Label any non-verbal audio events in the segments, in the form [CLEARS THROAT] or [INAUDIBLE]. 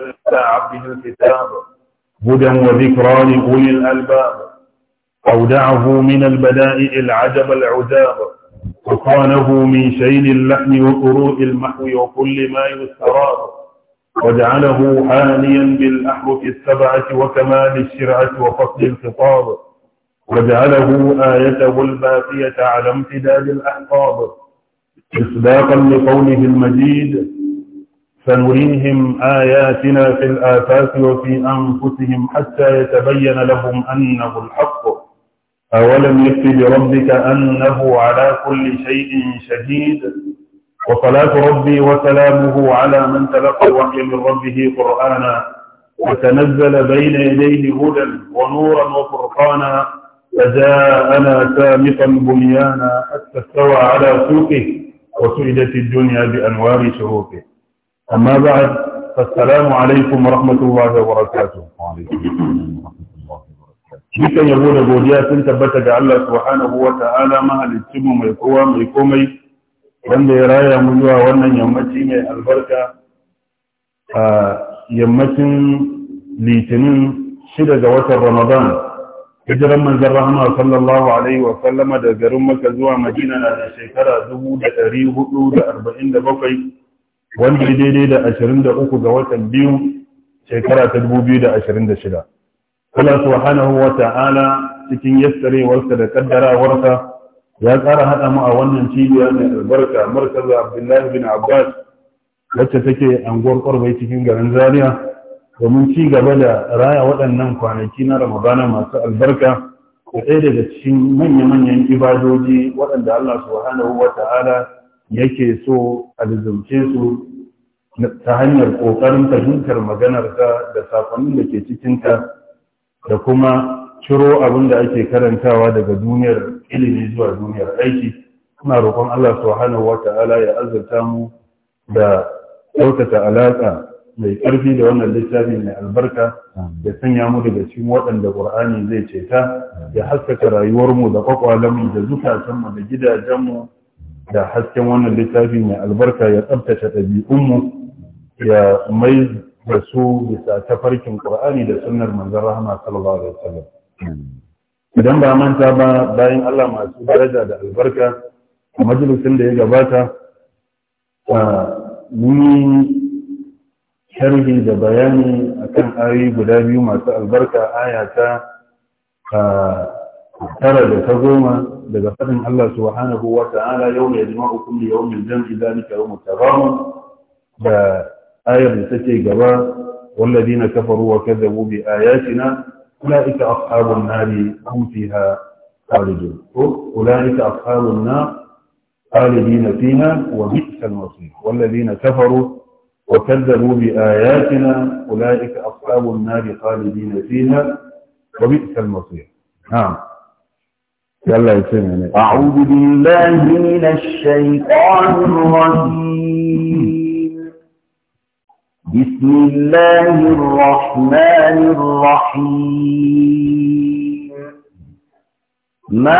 على عبده الكتاب هدى وذكرى لأولي الألباب أودعه من البدائع العجب العذاب وقانه من شيل اللحم وقروء المحو وكل ما يستراب وجعله حاليا بالأحرف السبعة وكمال الشرعة وفصل الخطاب وجعله آيته الباقية على امتداد الأحقاب إصداقا لقوله المجيد سنريهم آياتنا في الآفاق وفي أنفسهم حتى يتبين لهم أنه الحق أولم يكف بربك أنه على كل شيء شهيد وصلاة ربي وسلامه على من تلقى الوحي من ربه قرآنا وتنزل بين يديه هدى ونورا وفرقانا فجاءنا سامقا بنيانا حتى استوى على سوقه وسعدت الدنيا بأنوار شروقه أما بعد فالسلام عليكم ورحمة الله وبركاته وعليكم السلام ورحمة الله وبركاته dukan yabo da godiya sun tabbata ga Allah subhanahu wa ta'ala mahaliccin mu mai kowa mai komai wanda ya raya mu zuwa wannan yammaci mai albarka a yammacin litinin shida ga watan Ramadan hijiran manzon rahama sallallahu alaihi wa sallama da garin Makka zuwa Madina na shekara 1447 wanda ya daidai da ashirin da uku ga watan biyu shekara ta dubu biyu da ashirin da shida Allah subhanahu wa ta'ala cikin yastarewarsa da kaddarawarsa ya ƙara haɗa mu a wannan cibiya mai albarka markaza abdullahi bin abbas wacce take anguwar ƙwarbai cikin garin zaria domin ci gaba da raya waɗannan kwanaki na ramadana masu albarka ko ɗaya daga cikin manya-manyan ibadoji waɗanda allah subhanahu wa ta'ala yake so a lizumce su ta hanyar ƙoƙarin fahimtar maganarsa da saƙonin da ke cikinta da kuma ciro abin da ake karantawa daga duniyar ilimi zuwa duniyar aiki kuma roƙon Allah subhanahu wa ta'ala ya azurta mu da ɗaukaka alaƙa mai ƙarfi da wannan littafi mai albarka da sanya mu daga cikin waɗanda ƙur'ani zai ceta ya haskaka rayuwarmu da ƙwaƙwalenmu da zukatanmu da gidajenmu da hasken wannan littafi mai albarka ya tsabtace ɗabi'unmu ya mai da su bisa tafarkin ƙur'ani da sunnar manzan rahama sallallahu alaihi wasallam idan ba manta ba bayan Allah masu daraja da albarka a majalisin da ya gabata A yi sharhi da bayani akan ayoyi guda biyu masu albarka aya ta tara da ta goma daga faɗin Allah subhanahu wa ta'ala yau ya jima hukum da yau min jam'i zalika yau mutabamun da ayar da take gaba walladina kafaru wa kadzabu bi ayatina ulaika ashabun nari hum fiha khalidun ko ulaika ashabun nar khalidina fiha wa bi'sa al-masir walladina kafaru wa kadzabu bi ayatina ulaika ashabun nari khalidina fiha wa bi'sa al-masir na'am يلا يا أعوذ بالله من الشيطان الرجيم بسم الله الرحمن الرحيم ما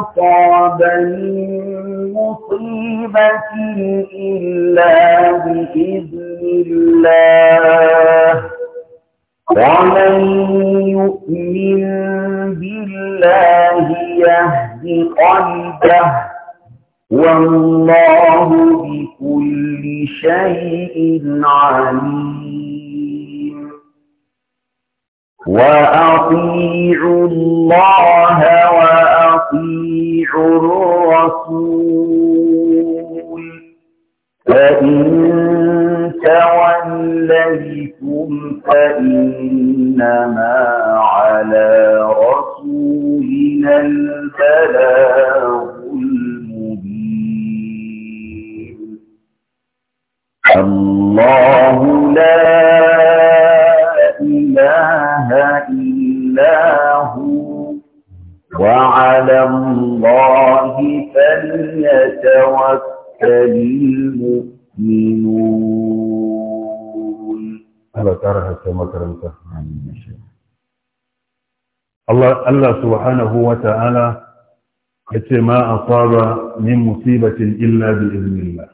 أصاب من مصيبة إلا بإذن الله ومن يؤمن بالله يهد قلبه والله بكل شيء عليم وأطيعوا الله وأطيعوا الرسول فإن توليتم فإنما على رسولنا البلاغ المبين الله لا إله إلا هو وعلى الله فليتوكل المؤمنون Allah ƙara hasken makaranta Allah subhanahu wa ta'ala ya ce ma a saba min musibatin illa bi iznillah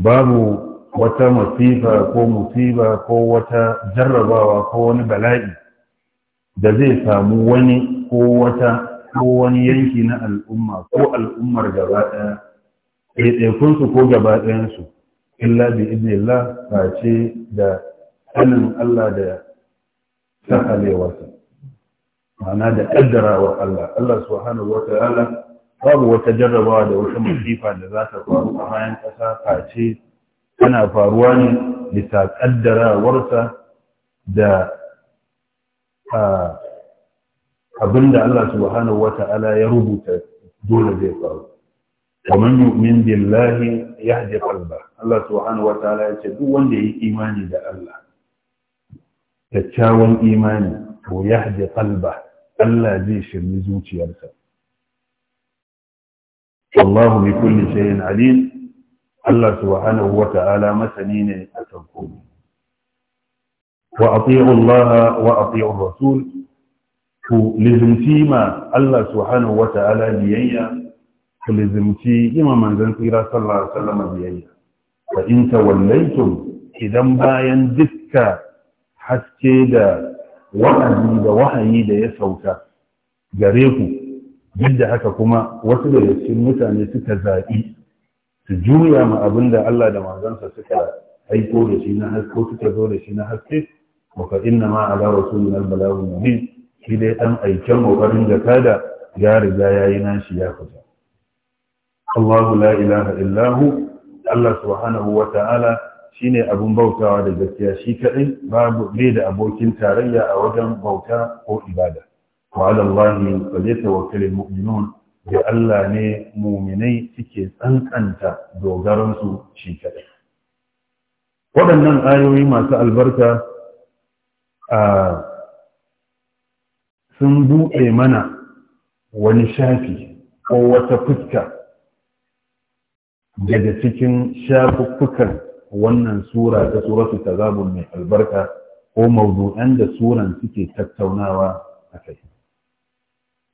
babu wata masifa ko musiba ko wata jarrabawa ko wani bala'i da zai samu wani ko wata ko wani yanki na al'umma ko al'ummar gaba ɗaya ɗaiɗaikunsu ko gaba ɗayansu illa bi idnillah face da sanin Allah da sahalewarsa ma'ana da ƙaddarawar Allah Allah subhanahu wa ta'ala babu wata jarrabawa da wata masifa da za ta faru a bayan ƙasa face tana faruwa ne bisa ƙaddarawarsa da abinda Allah subhanahu wa ta'ala ya rubuta dole zai faru ومن يؤمن بالله يهدي قلبه الله سبحانه وتعالى yace duk wanda yayi imani da Allah kyakkyawan imani to yahdi qalba Allah zai shirye zuciyarsa wallahu bi kulli shay'in alim Allah subhanahu wa ta'ala masani ne a tsakko wa ati'u Allah wa ta'ala biyayya Kulizimci lizimci yi ma manzon tsira sallallahu alaihi wasallam biyayya fa in tawallaytum idan bayan dukka haske da wa'azi da wahayi da ya sauka gare ku duk da haka kuma wasu daga cikin mutane suka zaɓi su juya ma abin da Allah da manzansa suka aiko da shi na haske suka zo da shi na haske wa fa inna ma ala rasulina al-balagh mubin shi dai dan aikin kokarin da kada ya riga yayi nashi ya fita Allahu la ilaha illahu Allah subhanahu Wata'ala ta'ala shine abun bautawa da gaskiya shi kadai babu bai da abokin tarayya a wajen bauta ko ibada wa ala Allahi falyatawakkalu almu'minun da Allah ne muminai suke tsantsanta dogaransu shi kadai waɗannan ayoyi masu albarka sun buɗe mana wani shafi ko wata fuska daga cikin shafuffukan wannan sura ta ta tazabun mai albarka ko mawdu'an da suran suke tattaunawa a kai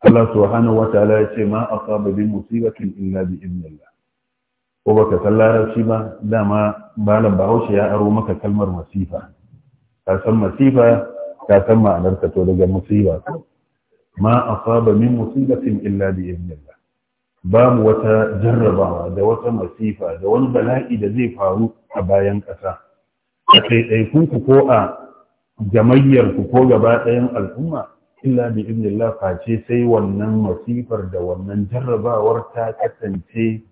Allah subhanahu wa ta'ala ya ce ma asaba bi musibatin illa bi idnillah ko baka san larabci ba dama malam Bahaushe ya aro maka kalmar masifa ka san masifa ka san ma'anar ta to daga musiba ma asaba min musibatin illa bi idnillah babu wata jarrabawa da wata masifa da wani bala'i da zai faru a bayan ƙasa a ɗaiɗaikunku ko a ku ko gaba ɗayan al'umma illa bi iznillah face sai wannan masifar da wannan jarrabawar ta kasance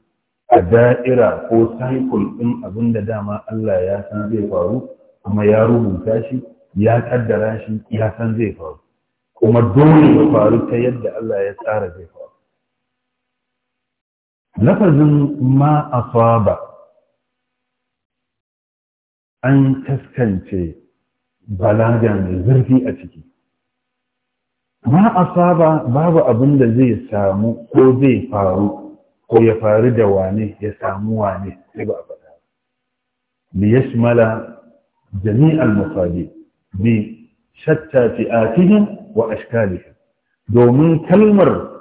a da'ira ko cycle ɗin abin da dama Allah ya san zai faru kuma ya rubuta shi ya kaddara shi ya san zai faru kuma dole ya faru ta yadda Allah ya tsara zai faru lafazin ma asaba an kaskance balaga mai zurfi a ciki ma asaba babu abin da zai samu ko zai faru ko ya faru da wane ya samu wane sai ba a faɗa bi yashmala jami'al musali bi shatta fi'atihim wa ashkalihim domin kalmar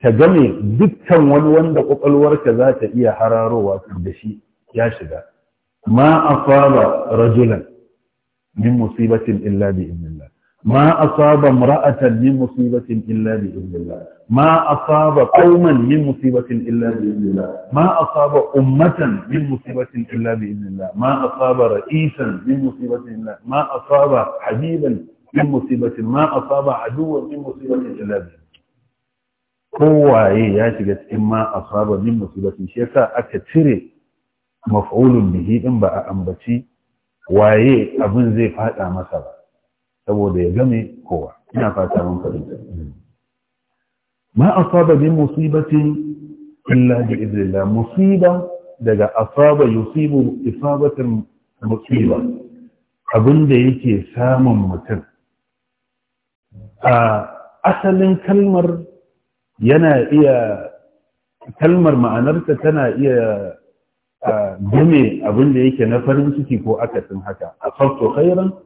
ta game dukkan wani wanda kwakwalwarka za ta iya hararowa da shi ya shiga ma asaba rajulan min musibatin illa bi idnillah ma asaba imra'atan min musibatin illa bi idnillah ما أصاب قوما من مصيبة إلا بإذن الله ما أصاب أمة من مصيبة إلا بإذن الله ما أصاب رئيسا من مصيبة إلا ما أصاب حبيبا من مصيبة ما أصاب عدوا من مصيبة إلا بإذن kowaye ya shiga cikin ma asaba min musulatin shi yasa aka cire mafaulun bihi din ba a ambaci waye abin zai fada masa ba saboda ya game kowa ina fata mun fahimta ma asaba min musibati illa bi idnillah musiba daga asaba yusibu isabatan musiba abin da yake samun mutum a asalin kalmar yana iya kalmar ma'anarta tana iya game abin da yake na farin ciki ko akasin haka asabtu khairan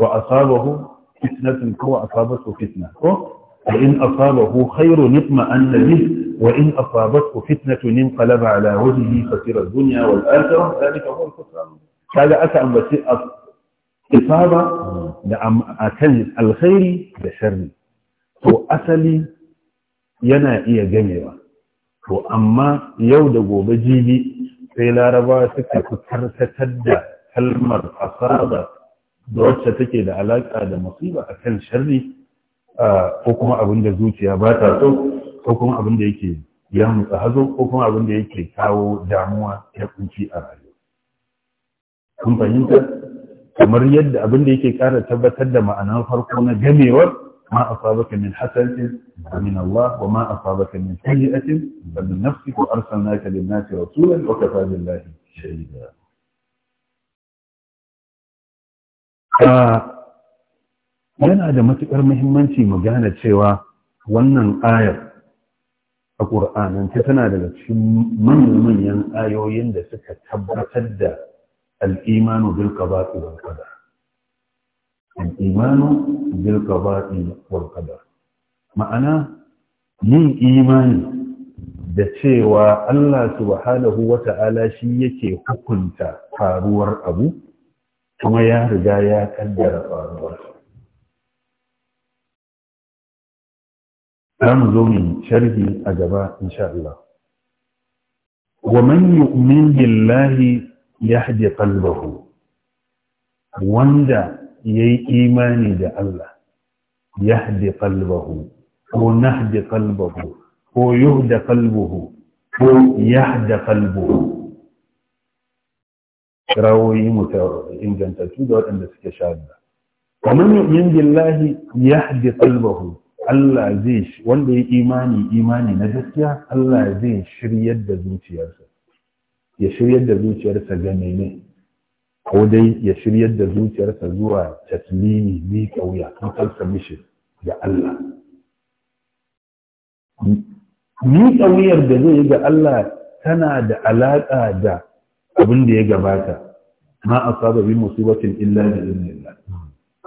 wa asabahu fitnatun ko asabatu fitna ko in asabahu khairun itma'anna bihi وإن أصابته فتنة انقلب على وجهه خسر الدنيا والآخرة ذلك هو الخسران هذا أتى أن بس إصابة أكن da بشر to asali yana iya gamewa to amma yau da gobe jibi sai larabawa suka fi karkatar da kalmar asaba da wacce take da alaƙa da musiba a kan sharri ko kuma abin da zuciya ba ta so ko kuma abin da yake ya mutsa hazo ko kuma abin da yake kawo damuwa ya kunci a rayuwa kun fahimta kamar yadda abin da yake ƙara tabbatar da ma'anar farko na gamewar ما أصابك من حسنة فمن الله وما أصابك من سيئة فمن نفسك وأرسلناك للناس رسولا وكفى بالله شهيدا yana da matuƙar muhimmanci mu gane cewa wannan ayar a ƙur'anance tana daga cikin manyan ayoyin da suka tabbatar da al'imanu bil qada'i wal qadar al'imanu bil qada'i wal qadar ma'ana yin imani da cewa Allah subhanahu wa ta'ala shi yake hukunta faruwar abu kuma ya riga ya kaddara faruwar za zo min sharhi a gaba insha Allah wa man yu'min billahi yahdi ƙalbahu wanda ya yi imani da Allah ya haɗe kalbahu ko na haɗe kalbahu ko yi da kalbuhu ko ya haɗe kalbuhu rawoyi mutu ingantattu da waɗanda suke shaɗa. kamar yu'min billahi yahdi qalbahu Allah zai wanda ya imani imani na gaskiya Allah zai shiryar da zuciyarsa ya shiryar da zuciyarsa ga mene ko dai ya shiryar da zuciyarsa zuwa taslimi ni kauya total submission ga Allah ni kauyar da zai yi ga Allah tana da alaƙa da abin da ya gabata ma asaba bi musibatin illa bi idnillah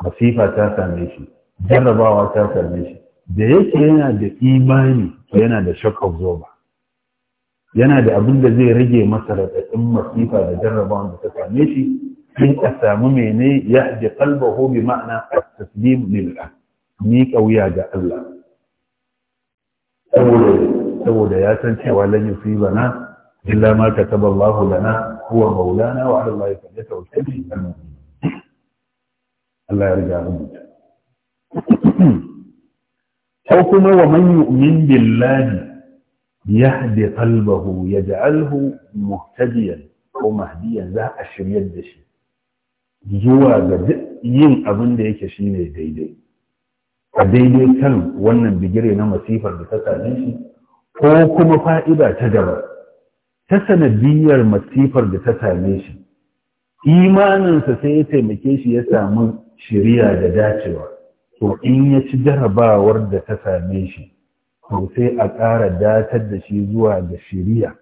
masifa ta same shi jarrabawa ta same shi da yake yana da imani to yana da shock absorber yana da abin da zai rage masa raɗaɗin masifa da jarrabawa da ta same shi من أسامي ني يهدي قلبه بمعنى التسليم لله ميك أو ياجا الله سودا يا سنتي ولا يصيبنا إلا ما كتب الله لنا هو مولانا وعلى الله فليتوكل المؤمنون الله يرجع الموت أو ومن يؤمن بالله يهدي قلبه يجعله مهتديا ومهديا ذا أشر يد الشيء zuwa ga yin abin da yake shi ne daidai a daidai kan wannan bigire na masifar da ta same shi ko kuma fa'ida ta gaba ta sanadiyar masifar da ta same shi imaninsa sai ya taimake shi ya samu shirya da dacewa to in ya ci jarabawar da ta same shi to sai a ƙara datar da shi zuwa ga shiriya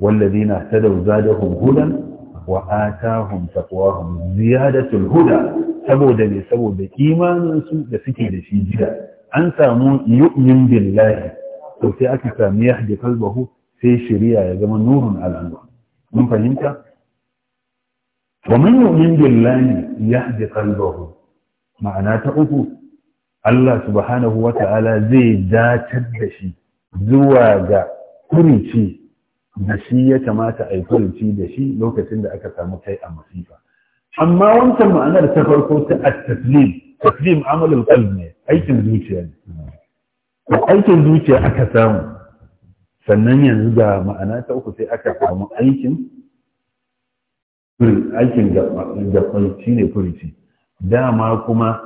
wallazina dauza da hunhunan. wa atahum taqwahum ziyadatul huda saboda ne saboda imanin su da suke da shi jiya an samu yu'min billahi to sai aka sami yahdi qalbahu sai shari'a ya zama nurun al'anwa mun fahimta wa man yu'min billahi yahdi qalbahu ma'ana ta uku Allah subhanahu wa ta'ala zai datar da shi zuwa ga kurici da shi ya kamata a yi furuci da shi lokacin da aka samu kai a masifa amma wancan ma'anar ta farko ta a taslim taslim amalul ne aikin zuciya ne aikin zuciya aka samu sannan yanzu ga ma'ana ta uku sai aka samu aikin aikin gabbai shi ne dama kuma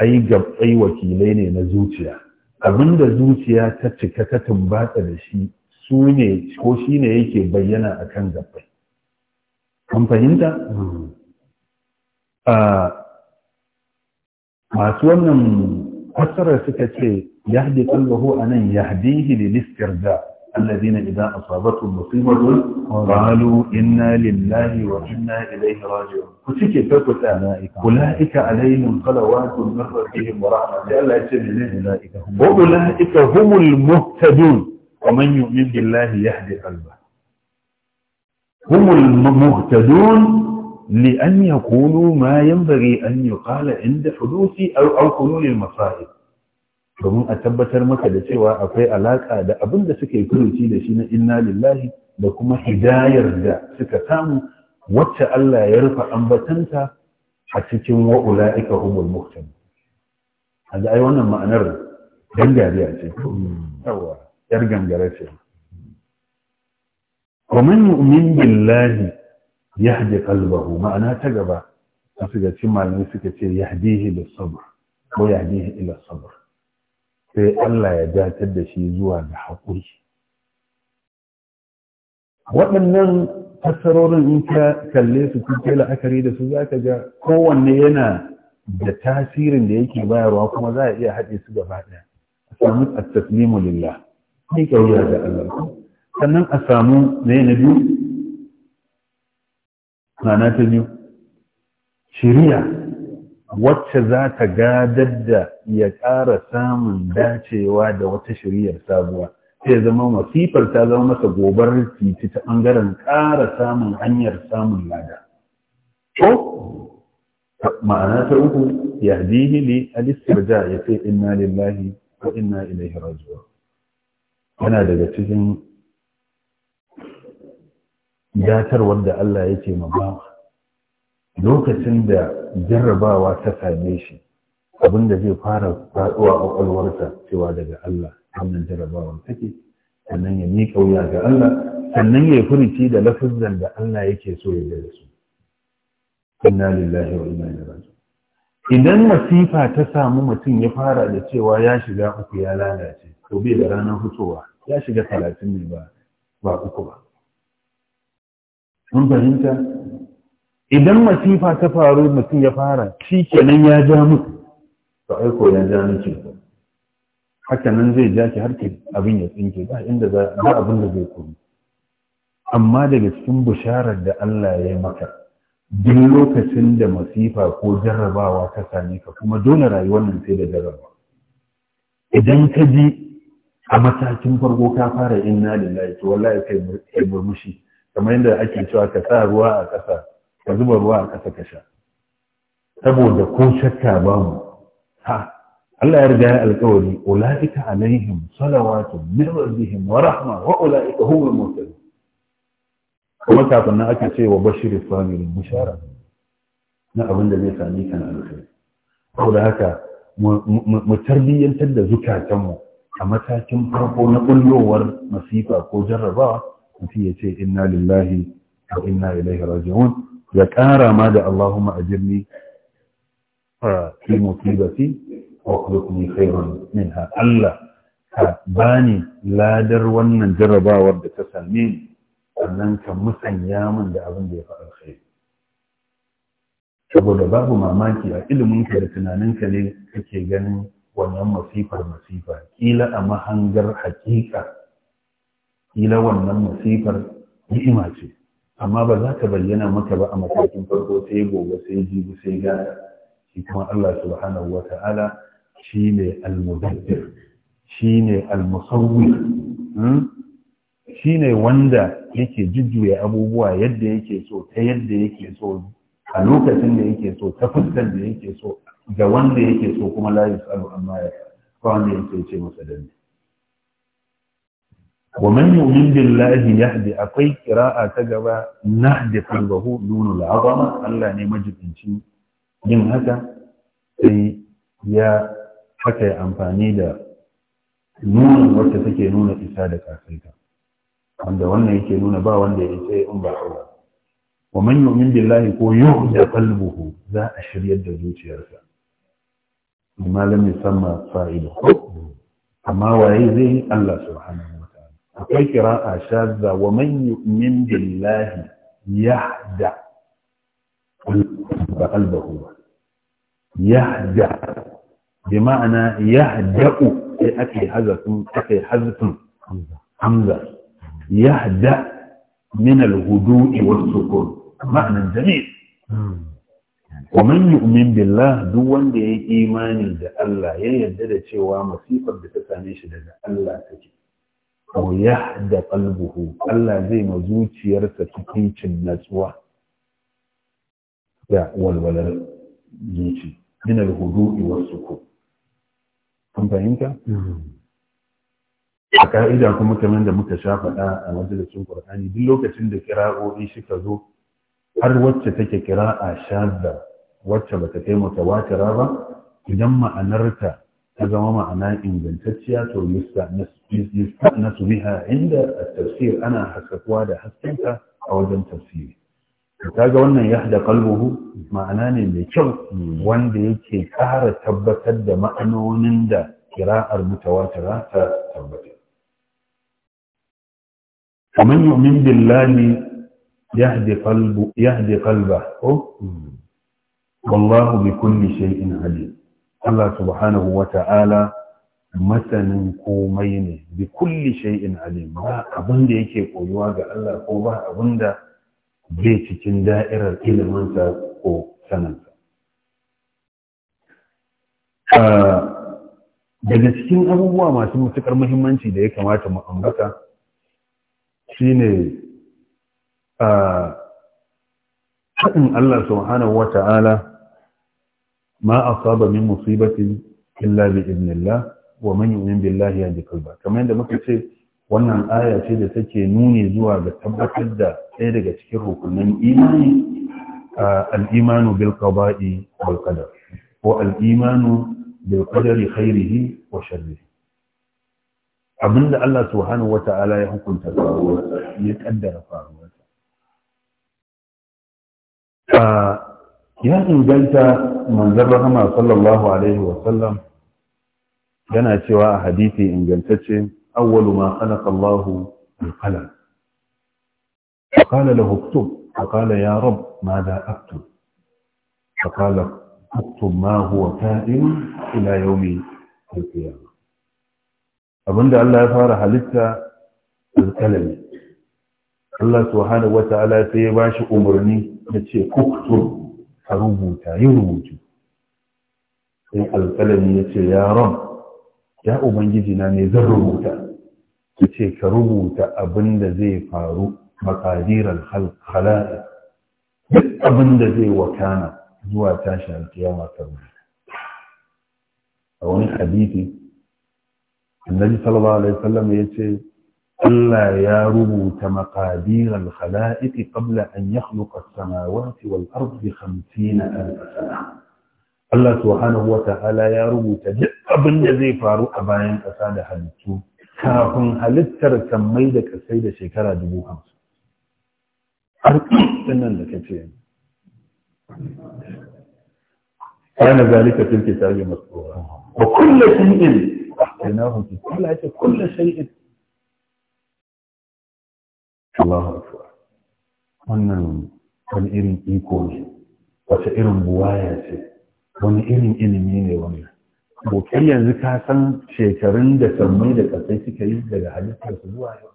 ai gabbai wakilai ne na zuciya abinda zuciya ta cika ta tumbatsa da shi su ne ko shi ne yake bayyana a kan gabbai an fahimta? masu wannan fassarar suka ce yahdi kallahu a nan yahdihi lilistir da الذين إذا أصابتهم مصيبة قالوا إنا لله وإنا إليه راجعون كتك تكت أولئك أولئك عليهم صلوات من ربهم ورحمة الله يسمى أولئك هم المهتدون wa man yu'min billahi yahdi qalba humul muhtadun لأن يقولوا ما ينبغي أن يقال عند حدوث أو أو حلول المصائب domin a tabbatar maka da cewa akwai alaƙa da abin da suke kuruci da shi na inna lillahi da kuma hidayar da suka samu wacce Allah ya rufe ambatanta a cikin wa'ulaika ika humul muhtam. Hada ai wannan ma'anar dangariya ce. Yawwa. yar gangare ce wa man yu'min ya yahdi qalbahu ma'ana ta gaba su ga malamai suka ce yahdihi lis sabr ko yahdihi ila sabr sai Allah ya datar da shi zuwa ga haƙuri waɗannan fassarorin in ka kalle su kuke la'akari da su za ka ga kowanne yana da tasirin da yake bayarwa kuma za a iya haɗe su gaba ɗaya a at-taslimu lillah sai da Allah sannan a samu mai na biyu mana ta biyu shiriya wacce za ta gadar da ya ƙara samun dacewa da wata shiriyar sabuwa sai zama masifar ta zama masa gobar titi ta ɓangaren ƙara samun hanyar samun lada. Ko ma'ana ta uku ya dihi alistirja ya ce 'Ina lillahi ko inna ilaihi rajuwa yana daga cikin datar wanda Allah yake ma bawa lokacin da jarrabawa ta same shi abin da zai fara faɗuwa a ƙwaƙwalwarsa cewa daga Allah wannan jarrabawar take sannan ya miƙa wuya ga Allah sannan ya yi furici da lafizan da Allah yake so ya da su inna lillahi wa inna ilaihi idan masifa ta samu mutum ya fara da cewa ya shiga uku ya lalace to bai da ranar fitowa ya shiga talatin ne ba uku ba mun fahimta idan masifa ta faru mutum ya fara shi kenan ya ja mutu to aiko ya ja miki haka nan zai ja ki har ki abin ya tsinke ba inda za abin da zai kuru. amma daga cikin bisharar da Allah ya yi maka duk lokacin da masifa ko jarrabawa ta same ka kuma dole rayuwar nan sai da jarrabawa idan ka ji a matakin farko ka fara inna lillahi to wallahi kai murmushi kamar yadda ake cewa ka sa ruwa a ƙasa ka zuba ruwa a ƙasa ka sha saboda ko shakka ba mu ha Allah ya riga ya alƙawari ulaika alaihim salawatu min rabbihim wa rahma wa ulaika humul muhtadun kuma kafin nan ake ce wa bashir samiri bishara na abin da zai sami kan alkhairi saboda haka mu tarbiyyantar da zukatanmu a matakin farko na kullowar masifa ko jarrabawa mutum ya ce inna lillahi wa inna ilaihi raji'un ya ƙara ma da Allahumma ajirni fi musibati wa khulqni khairan minha Allah ka bani ladar wannan jarrabawar da ta same ni sannan ka musanya min da abin da ya fi kai. saboda babu mamaki a ilimin ka da tunaninka ne kake ganin wannan masifar masifa kila a mahangar hakika kila wannan masifar ni'ima ce amma ba za ta bayyana maka ba a matakin farko sai gobe sai jibi sai gada shi kuma Allah subhanahu wa ta'ala shi ne al shi ne musawwir hmm? shi ne wanda yake jujjuya abubuwa yadda yake so ta yadda yake so a lokacin da yake so ta fuskar da yake so ga wanda yake so kuma la yus'alu amma ya ba wanda yake ce masa ne. wa man yu'min billahi haɗe akwai a ta gaba na da qalbahu nuna azama Allah ne majibinci yin haka sai ya haka ya amfani da nuna wacce take nuna isa da kasaita wanda wannan yake nuna ba wanda ya ce in ba Allah wa man yu'min billahi ko yuhda qalbuhu za a shiryar da zuciyarsa ما لم يسمى فاعل أما وعيده الله سبحانه وتعالى أقول قراءة شاذة ومن يؤمن بالله يهدى قلبه يهدى بمعنى يهدأ أكي حزتم أكي حزتم حمزة يهدأ من الهدوء والسكون معنى جميل wa man yu'min duk wanda ya yi imani da Allah ya yarda da cewa masifar da ta same shi daga Allah take ya da qalbuhu Allah zai ma zuciyarsa cikin natsuwa ya walwalar zuci min al-hudu'i was-sukun kun fahimta a ka'ida kuma kamar da muka sha faɗa a majalisun Qur'ani duk lokacin da kira'o'i suka zo har wacce take kira a shadda wacce ba ta kai mutawatira ba idan ma'anarta ta zama ma'ana ingantacciya to yustanasu biha inda a tafsir ana haskakuwa da haskenta a wajen tafsiri ga wannan ya da kalbuhu ma'ana ne mai kyau wanda yake kara tabbatar da ma'anonin da kira'ar mutawatira ta tabbatar. Kamar yu'min billahi yahdi qalbu yahdi qalba ko wallahu bi kulli shay'in alim Allah subhanahu wa ta'ala masanin komai ne bi kulli shay'in alim ba abin da yake koyuwa ga Allah ko ba abin da bai cikin da'irar iliminsa ko sanansa daga cikin abubuwa masu matuƙar muhimmanci da ya kamata mu ambata shine haɗin Allah subhanahu wa ta'ala ma asaba min musibatin illa bi idnillah wa man yu'min billahi yahdi qalba kamar yadda muka ce wannan aya ce da take nuni zuwa ga tabbatar da ɗaya daga cikin rukunan imani al-imanu bil qada'i wal qadar ko al-imanu bil qadari khairihi wa sharrihi abinda Allah subhanahu ta'ala ya hukunta faruwa ya kaddara faruwa ya inganta manzan rahama sallallahu alaihi wasallam yana cewa a hadisi ingantacce awwalu ma khalaqa Allahu al-qalam فقال له اكتب فقال يا رب ماذا أكتب فقال اكتب ما هو كائن إلى يوم القيامة abinda Allah ya fara halitta alƙalami Allah subhanahu wata'ala sai ya bashi umarni ya ce uktur ka rubuta yi rubutu sai alƙalami ya ce ya ram ya ubangiji na ne zan rubuta ya ce ka rubuta abin da zai faru makadiran halaye duk abin da zai wakana zuwa tashi alkiyama ta rubuta a wani hadisi annabi sallallahu alaihi wasallam ya ce الله يا رب تمقادير الخلائق قبل أن يخلق السماوات والأرض بخمسين ألف سنة الله سبحانه وتعالى يا رب جئ ابن جزي فارو أباين أساد حدثو كافن هلتر سميدك السيدة شكرا جبو خمس أرقم إنا لك أنا ذلك في الكتاب المسؤول وكل شيء أحسناهم في كل شيء Allahu akbar wannan wani irin iko ne wata irin buwaya ce wani irin ilimi ne wannan bokai yanzu ka san shekarun da sammai da ƙasai suka yi daga halittar su zuwa yau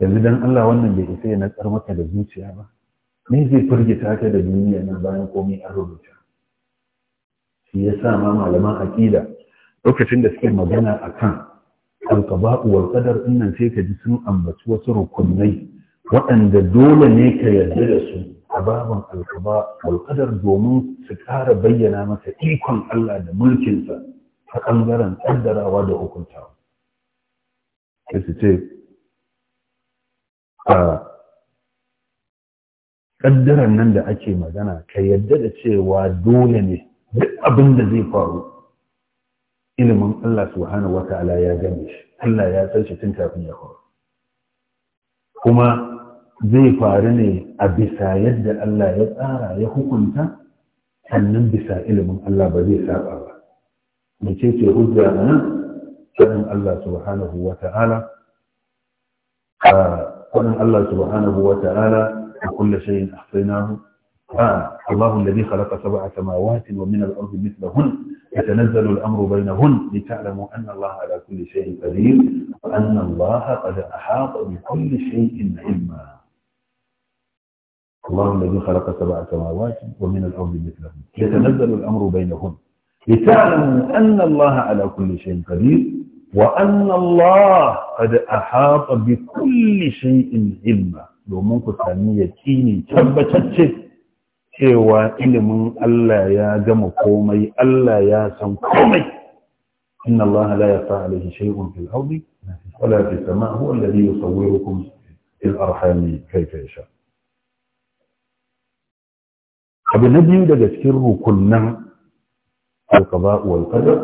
yanzu dan Allah wannan bai isa ya natsar maka da zuciya ba me zai firgita ka da duniya nan bayan komai a rubuta shi ya sa ma malaman aƙida lokacin da suke magana a kan alqaba'u wal qadar nan sai ka ji sun ambaci wasu rukunai waɗanda dole ne ka yarda da su a babin alƙaba wal ƙadar domin su ƙara bayyana masa ikon Allah da mulkinsa ta ɓangaren ƙaddarawa da hukuntawa Ka su ce a ƙaddaran nan da ake magana ka yarda da cewa dole ne duk abin da zai faru ilimin Allah subhanahu wata'ala ya gane shi Allah ya san shi tun kafin ya faru kuma zai faru ne a bisa yadda Allah ya tsara ya hukunta sannan bisa ilimin Allah ba zai saba ba mace ce hujja a nan sanin Allah subhanahu wata'ala sanin Allah subhanahu wata'ala a kulle shayin ahsaynahu آه الله الذي wa سبع سماوات ومن الأرض يتنزل الأمر بينهن لتعلموا أن الله على كل شيء قدير وأن الله قد أحاط بكل شيء علما الله الذي خلق سبع سماوات ومن الأرض مثلهم يتنزل الأمر بينهن لتعلموا أن الله على كل شيء قدير وأن الله قد أحاط بكل شيء علما لو ku sami yakini tabbatacce cewa ilimin Allah ya gama komai Allah ya san komai inna Allah la yafa alaihi shay'un fil ardi wala fis sama' huwa alladhi yusawwirukum fil arham kayfa yasha abu nabi daga cikin rukunnan alqada wal qadar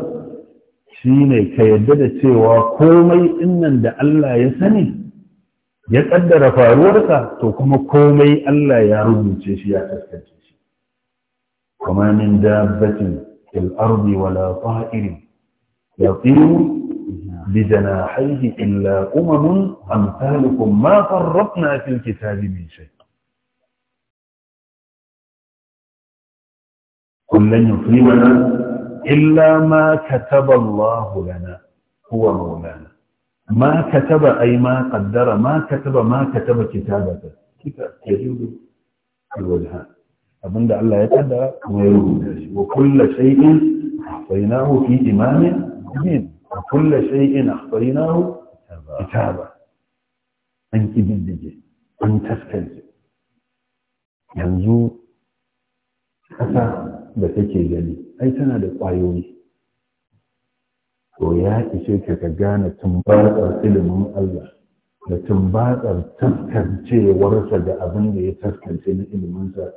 shine ka yadda da cewa komai innan da Allah ya sani ya kaddara faruwarsa to kuma komai Allah ya rubuce shi ya kaskance وما من دابة في الأرض ولا طائر يطير بجناحيه إلا أمم أمثالكم ما فرطنا في الكتاب من شيء قل لن يصيبنا إلا ما كتب الله لنا هو مولانا ما كتب أي ما قدر ما كتب ما كتب كتابته كتاب يجوز الوجهان abinda Allah ya kaddara kuma ya rubuta shi wa kullu shay'in ahsaynahu fi imamin mubin wa kullu shay'in ahsaynahu kitaba an kididdige an taskance yanzu ƙasa da take gani ai tana da ƙwayoyi to ya ce ka ka gane tumbatsar ilimin Allah da tumbatsar taskancewarsa da abin da ya taskance na iliminsa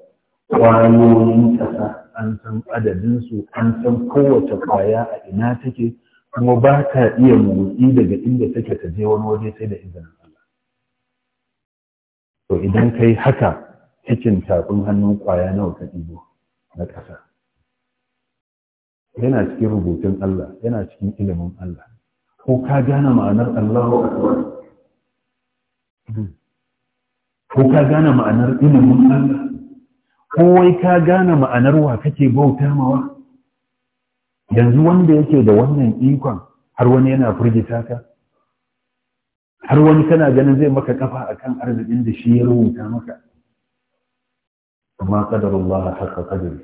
kwayoyin ƙasa an san adadinsu an san kowace kwaya a ina take kuma ba ta iya motsi daga inda take ta je wani waje sai da izinin Allah. To idan kai haka cikin tafin hannun kwaya nawa ka ɗibo na ƙasa. Yana cikin rubutun Allah, yana cikin ilimin Allah. Ko ka gane ma'anar Allahu hmm. Ko ka gane ma'anar ilimin Allah? kowai ka gane ma'anar wa kake bauta mawa yanzu wanda yake da wannan ikon har wani yana firgita ka har wani kana ganin zai maka kafa kan arzikin da shi ya rubuta maka amma qadarullah haqqa qadari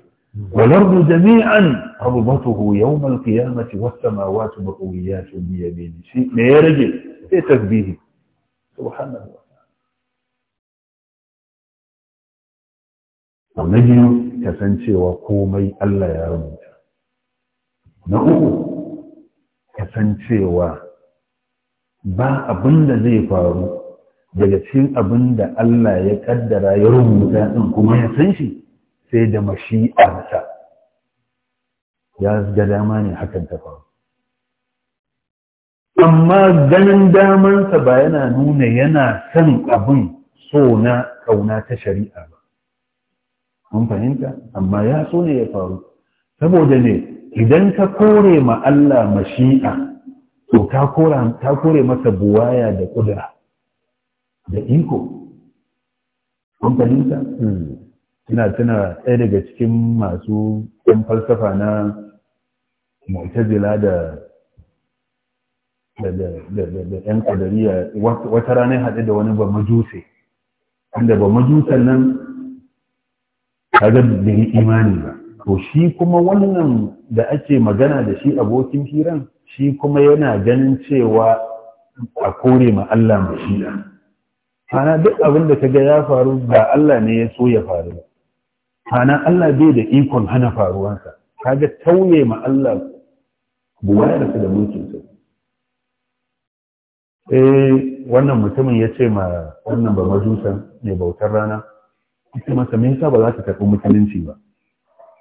والأرض جميعا قبضته يوم القيامة والسماوات مطويات بيمينه shi. Me ya rage? sai tasbihi subhanallah to na biyu ka san cewa komai Allah ya rubuta na uku ka san cewa ba abin da zai faru daga cikin abin da Allah ya kaddara ya rubuta ɗin kuma ya san shi sai da mashi'arsa ya ga dama ne hakan ta faru amma ganin damansa ba yana nuna yana son abin so na kauna ta shari'a ba an fahimta amma ya so ne ya faru saboda ne idan ka kore ma Allah mashi'a to ka kore masa buwaya da kudura da iko an fahimta hmm. ina tuna ɗaya daga cikin masu ɗan falsafa na mu'tazila da da ‘yan ƙadariya wata ranar haɗe da wani ba majuse, inda ba majusan nan kaga da imani ba to shi kuma wannan da ake magana da shi abokin hiran shi kuma yana ganin cewa a kore ma Allah mashi'a Ana duk abin da kaga ya faru ba Allah ne ya so ya faru ba Allah bai da ikon hana faruwansa kaga tauye ma Allah buwayar su da mulkin su eh wannan mutumin ya ce ma wannan ba majusan mai bautar rana ita masa me yasa ba za ta tafi musulunci ba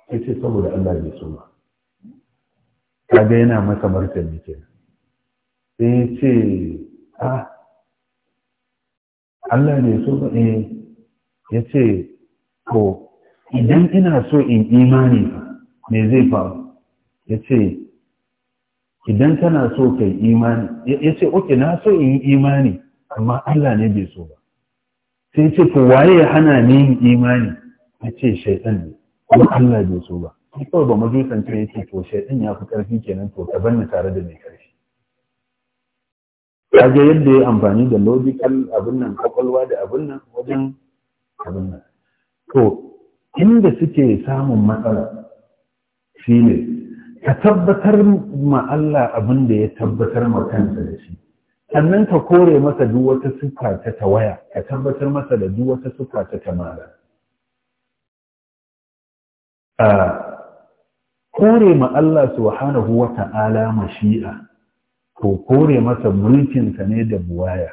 sai ce saboda Allah bai so ba ga yana masa martani ke sai ya ce a Allah bai so ba eh ya ce ko idan ina so in imani me zai faru ya ce idan kana so kai imani ya ce oke na so in yi imani amma Allah ne bai so ba sai ce ku waye ya hana ni yin imani a ce shaitan ne ko Allah bai so ba shi kawai ba majusan ce yake to shaitan ya fi karfi kenan to ka banni tare da mai karfi kaga yadda ya amfani da logical abin nan kwakwalwa da abin nan wajen abin nan to inda suke samun matsala shine ka tabbatar ma Allah abin da ya tabbatar ma kansa da shi sannan ka kore masa duk wata siffa ta tawaya ka tabbatar masa da duk wata siffa ta tamara kore ma Allah subhanahu wa ta'ala mashi'a ko kore masa mulkin sa ne da buwaya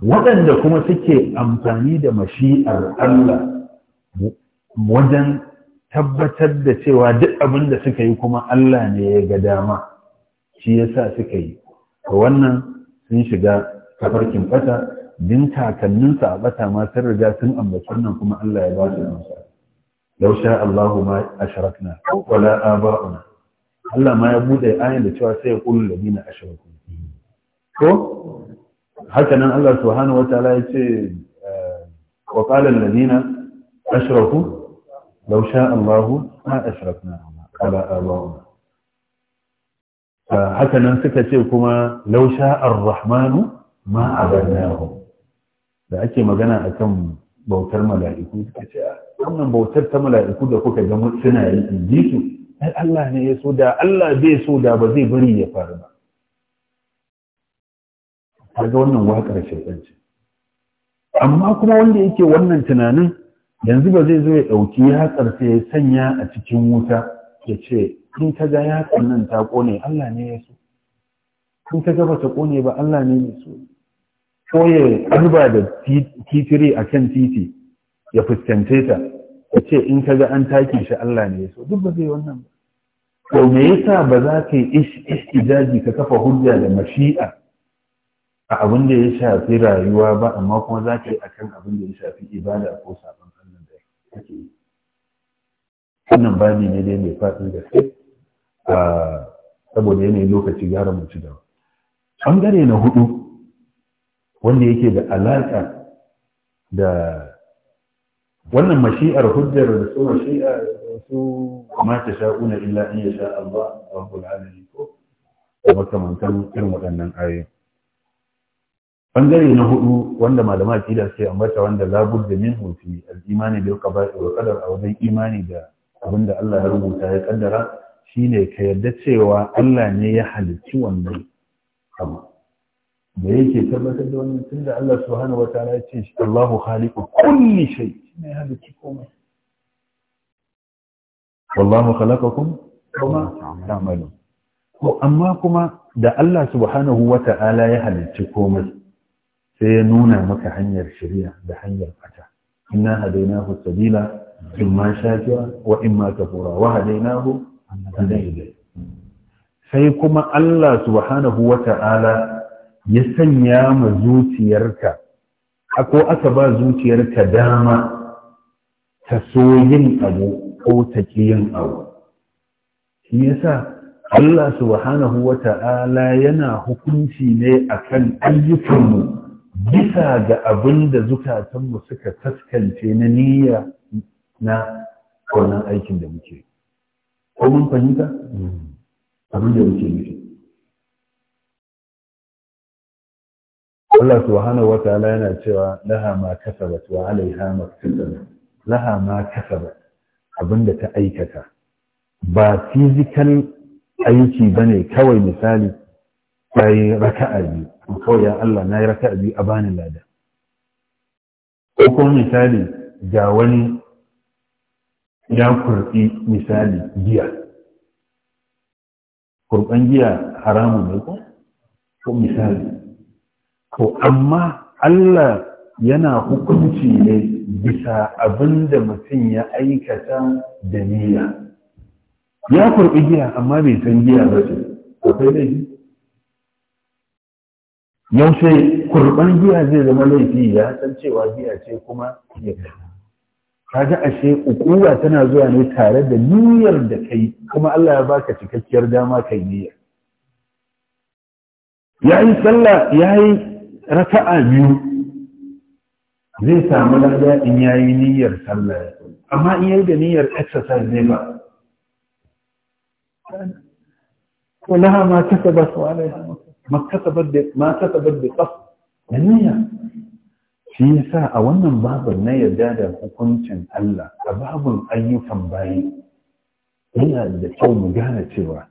waɗanda kuma suke amfani da mashi'ar Allah wajen tabbatar da cewa duk abin da suka yi kuma Allah ne ya ga dama shi yasa suka yi wannan sun shiga tafarkin bata din kakanninsa a bata ma sun riga sun ambaci wannan kuma Allah ya ba su amsa law sha Allah ma ashrakna wala aba'una Allah ma ya bude ayan da cewa sai ya kullu ladina ashraku ko haka nan Allah subhanahu wataala ya ce eh, wa qala alladhina ashraku law sha Allah ma ashrakna wala aba'una haka nan suka ce kuma lausha ar-rahmanu ma abannahu da ake magana akan bautar mala'iku suka ce wannan bautar ta mala'iku da kuka ga suna yi inji ai Allah ne ya so da Allah bai so da ba zai bari ya faru ba kaga wannan waƙar shaitan amma kuma wanda yake wannan tunanin yanzu ba zai zo ya ɗauki yatsar sai ya sanya a cikin wuta ya ce in ta ga yatsan nan ta ƙone Allah ne ya so in ta ga bata ƙone ba Allah ne ya so ko ya arba da titiri a kan titi ya fuskance ta ya ce in ka ga an take shi Allah ne ya so duk ba zai wannan ba to me yasa ba za ka yi jaji ka kafa hujja da mashi'a a abin da ya shafi rayuwa ba amma kuma za ka yi akan abin da ya shafi ibada ko sabon Allah da kake yi wannan bani ne dai mai faɗin gaske saboda yanayin lokaci gyara mu ci gaba ɓangare na hudu wanda yake da alaƙa da wannan mashi'ar hujjar da su mashi'ar su mata sha'una illa in ya sha Allah rabbul alamin ko da makamantan irin waɗannan ayoyi bangare na hudu wanda malama akida sai bata wanda labud da min hutu al-imani bil qada'i wa qadar a wajen imani da abinda Allah ya rubuta ya kaddara shine ka yarda cewa Allah ne ya halicci wannan abu da yake tabbatar da wannan tun da Allah subhanahu wa ta'ala ya ce shi Allahu khaliqu kulli shay ne ya halicci komai wallahu khalaqakum kuma ta'malun ko amma kuma da Allah subhanahu wa ta'ala ya halicci komai sai ya nuna maka hanyar shari'a da hanyar fata inna hadainahu sabila imma shakira wa imma kafura wa hadainahu sai kuma Allah subhanahu wa ta'ala ya sanya ma zuciyarka ko aka ba zuciyarka dama ta so yin abu ko ta ƙi yin abu shi yasa Allah subhanahu wa ta'ala yana hukunci ne akan ayyukanmu bisa ga abin da zukatanmu suka taskance na niyya na wannan aikin da muke. ko mun fahimta abin da muke nufi Allah subhanahu wa ta'ala yana cewa laha ma kasabat wa alaiha ma kasabat laha ma kasabat abinda ta aikata ba physical aiki bane kawai misali sai raka'a biyu kawai ya Allah nayi raka'a biyu a bani lada ko kuma misali ga wani ya kurɓi misali giya kurban giya haramun ne ko ko misali ko amma Allah yana hukunci ne bisa abin da mutum ya aikata da niyya ya kurbi giya amma bai san giya ba ce akwai laifi yaushe kurɓan giya zai zama laifi ya san cewa giya ce kuma ya kaga ashe ukuwa tana zuwa ne tare da niyyar da kai kuma Allah ya baka cikakkiyar dama kai niyyar yayi sallah yayi raka'a biyu zai samu lada in yayi niyyar sallah amma in yayi da niyyar exercise ne ba ولها ما كسبت وعليها ما ma ما كسبت بقصد النية shi yasa a wannan babin na yarda da hukuncin Allah a babin ayyukan bayi yana da kyau mu gane cewa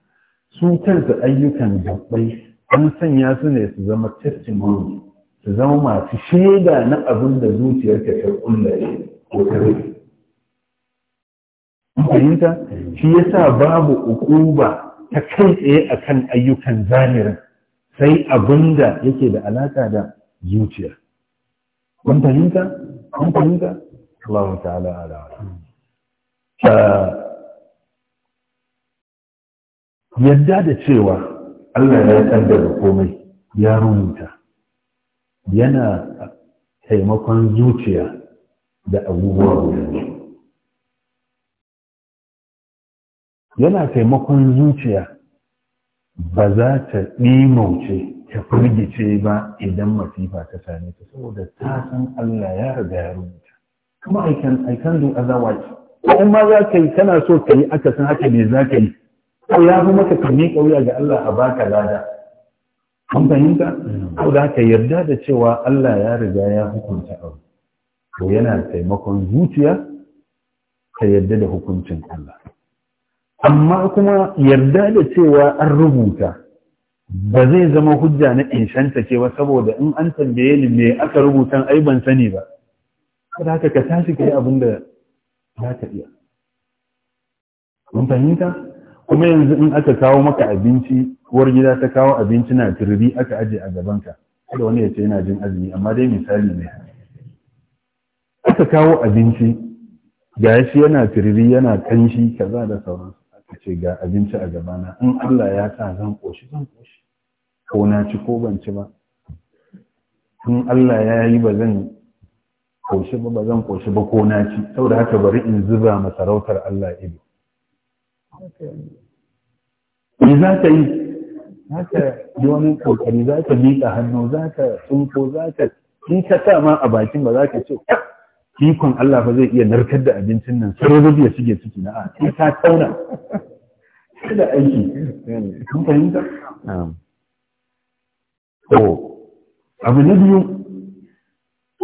su kansu ayyukan gabbai an sanya su ne su zama testimony su zama masu shaida na abin da zuciyarka ta kulla ko ta fahimta shi yasa babu ukuba ta kai tsaye akan ayyukan zahirin sai abin da yake da alaƙa da zuciya mun fahimta mun fahimta Allah ta'ala ala yadda da cewa Allah ya kaddara komai ya rubuta yana taimakon zuciya da abubuwa guda yana taimakon zuciya ba za ta ɗimauce ta firgice ba idan masifa ta same ta saboda ta san Allah ya riga ya rubuta kuma I can I can do otherwise ko in ma za ka yi kana so ka yi aka san haka ne za ka yi Allah kuma maka kame kauya ga Allah a baka lada an fahimta ko da ka yarda da cewa Allah ya riga ya hukunta abu to yana taimakon zuciya ka yarda da hukuncin Allah amma kuma yarda da cewa an rubuta ba zai zama hujja na inshanta cewa saboda in an tambaye ni me aka rubuta ai ban sani ba Kada haka ka tashi kai abin da za ka iya mun fahimta kuma yanzu in aka kawo maka abinci uwar gida ta kawo abinci na turbi aka aje a gabanka kada wani ya ce yana jin azumi amma dai misali ne aka kawo abinci ga shi yana turbi yana kanshi kaza da sauransu ka ce ga abinci a gabana in Allah ya sa zan koshi zan koshi ko na ci ko ban ci ba in Allah ya yi ba zan koshi ba ba zan koshi ba ko na ci saboda haka bari in zuba masarautar Allah ido me za ka yi za ka wani kokari za ka miƙa hannu za ka tsinko za ka in ka sa ma a bakin ba za ka ce ikon Allah ba zai iya narkar da abincin nan sarrafa ya shige ciki na a sai ta tauna da aiki kan fahimta to abu na biyu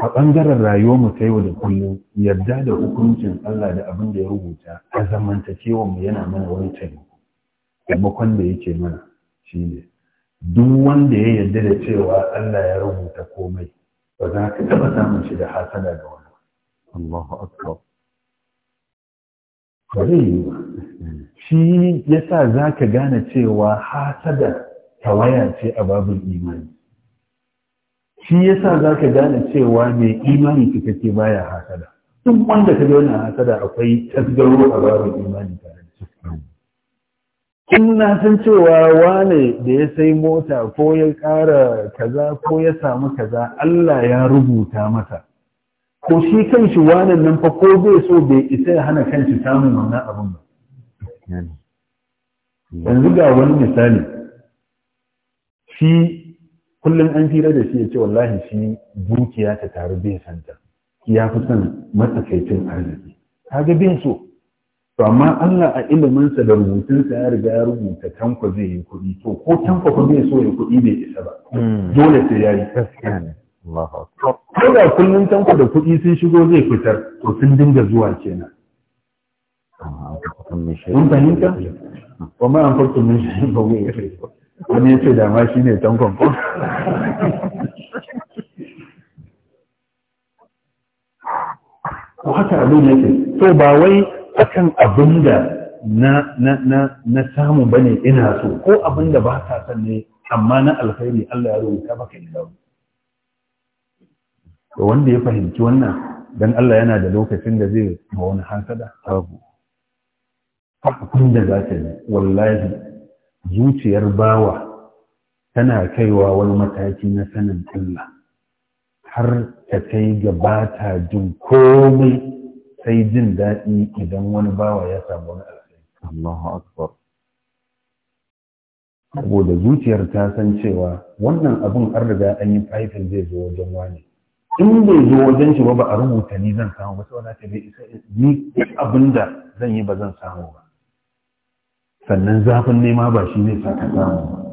a ɓangaren rayuwar mu ta yau da kullum yarda da hukuncin Allah da abin da ya rubuta a zamantakewar mu yana mana wani taimako taimakon da yake mana shine duk wanda ya yarda da cewa Allah ya rubuta komai ba za ka taɓa samun shi da hasada da Allahu akbar ba zai yi ba shi yasa za ka gane cewa hasada tawaya ce a babin shi yasa za ka gane cewa mai imani cikakke baya hasada duk wanda ka ga wannan hasada akwai tasgaro a babin imani tare da in na san cewa wane da ya sai mota ko ya ƙara kaza ko ya samu kaza Allah ya rubuta masa ko shi kanshi wanan nan fa ko bai so bai isa ya hana kanshi samun wannan abin ba yanzu ga wani misali shi kullum an fira da shi ya ce wallahi shi dukiya ta taru bai santa ya fi son matsakaicin arziki kaga bin so to amma Allah a iliminsa da rubutunsa ya riga ya rubuta tanko zai yi kuɗi to ko tanko ko bai so ya kuɗi bai isa ba hmm. dole sai ya yi ko da kullum tanko da kuɗi sun shigo zai fitar to sun dinga zuwa kenan mun fahimta wa ma an farko min shi ba mu yi wani ya ce da ma shi ne tankon ko ko haka abin ce, to ba wai akan abin da na na na na samu bane ina so ko abin da ba ta sanne ne amma na alfairi Allah ya rubuta maka ina to wanda ya fahimci wannan dan Allah yana da lokacin da zai ba wani hasada babu abin da za ta yi wallahi zuciyar bawa tana kaiwa wani mataki na sanin Allah har ta kai ga ba ta jin komai sai jin daɗi idan wani bawa ya samu wani alheri Allahu akbar saboda zuciyar ta san cewa wannan abin an riga an yi fahimtar zai zo wajen wani in bai zo wajen shi ba ba a rubuta ni zan samu ba sai wani ta bai isa ni abin da zan yi ba zan samu ba sannan zafin nema ba shi zai saka samu ba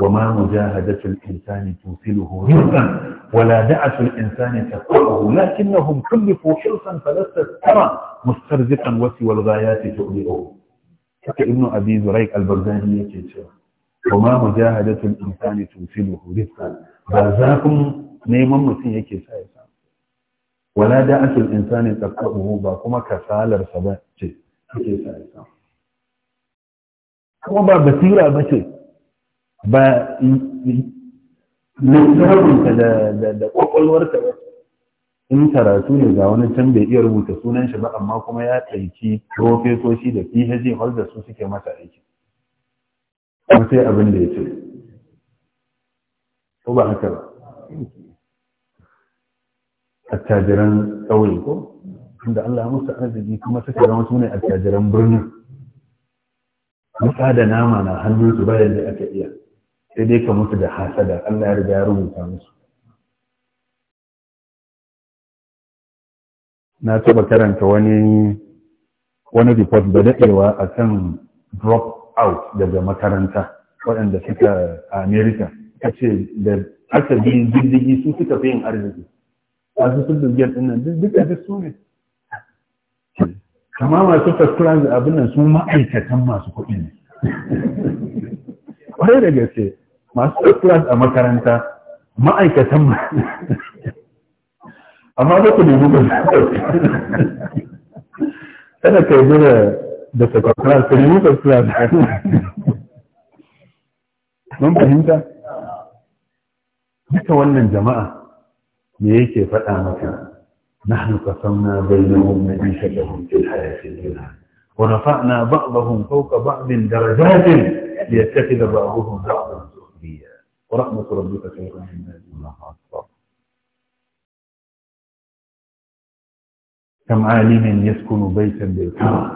wa ma mujahadatu al-insani tusiluhu rizqan wa la da'atu al-insani taqahu lakinnahum kullifu khilfan falasta tara mustarziqan wa si wal ghayati tu'liqu kaka ibnu abi zuraik al-barzani yake cewa wa ma mujahadatu al-insani tusiluhu rizqan ba zafin neman mutum yake sa ya samu wala da asul insani tsakabuhu ba kuma kasalarsa ba ce yake sa ya samu kuma ba basira ba ce ba littafinka da kwakwalwarka ba in karatu ne ga wani can bai iya rubuta sunan shi ba amma kuma ya ɗauki profesoshi da phd holder da su suke masa aiki kuma sai abin da ya ce ko ba haka ba attajiran ƙauye ko inda Allah ya musu arziki kuma suka zama su ne attajiran birni musa da nama na su bayan da aka iya sai dai ka musu da hasada Allah ya riga ya rubuta musu na taɓa karanta wani wani report da daɗewa a kan drop out daga makaranta waɗanda suka a america ka ce da aka bi jirgin su suka fi yin arziki masu sun dubgiyar ɗin nan duka duk su ne kama masu first class abin nan su ma'aikatan masu kuɗi ne ƙwarai da gaske masu first a makaranta ma'aikatan amma ba ku nemi ba kada ka yi da second ka nemi first class mun fahimta duka wannan jama'a me yake faɗa نحن قسمنا بينهم معيشتهم في الحياة الدنيا ورفعنا بعضهم فوق بعض درجات ليتخذ بعضهم بعضا سخريا ورحمة ربك خير مما الله أكبر كم عالم يسكن بيتا بالكرم